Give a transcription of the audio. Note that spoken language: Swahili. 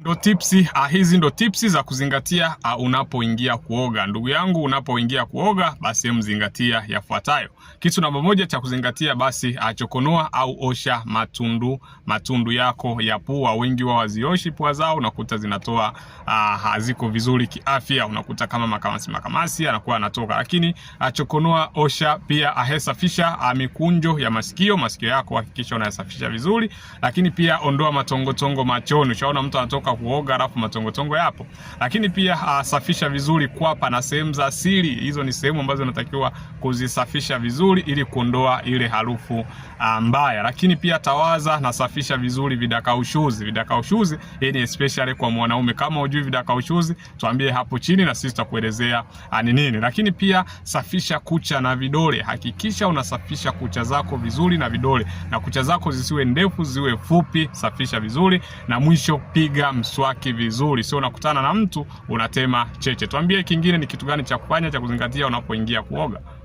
Ndo tipsi ah, hizi ndo tipsi za kuzingatia ah, unapoingia kuoga. Ndugu yangu, unapoingia kuoga basi mzingatia yafuatayo. Kitu namba moja cha kuzingatia basi ah, chokonoa au osha matundu matundu yako ya pua. Wengi wa wazioshi pua zao, unakuta zinatoa ah, haziko vizuri kiafya, unakuta kama makamasi makamasi anakuwa anatoka, lakini ah, chokonoa, osha pia ahesafisha ah, mikunjo ya masikio masikio yako, hakikisha unayasafisha vizuri, lakini pia ondoa matongotongo machoni. Ushaona mtu anatoka ukitoka kuoga alafu matongotongo yapo. Lakini pia uh, safisha vizuri kwapa na sehemu za siri. Hizo ni sehemu ambazo unatakiwa kuzisafisha vizuri ili kuondoa ile harufu uh, mbaya. Lakini pia tawaza na safisha vizuri vidaka ushuzi. Vidaka ushuzi hii ni especially kwa mwanaume. Kama hujui ushuzi, tuambie hapo chini na sisi tutakuelezea ah, ni nini. Lakini pia safisha kucha na vidole. Hakikisha unasafisha kucha zako vizuri na vidole na kucha zako zisiwe ndefu ziwe fupi, safisha vizuri na mwisho piga mswaki vizuri, sio unakutana na mtu unatema cheche. Tuambie kingine ni kitu gani cha kufanya cha kuzingatia unapoingia kuoga.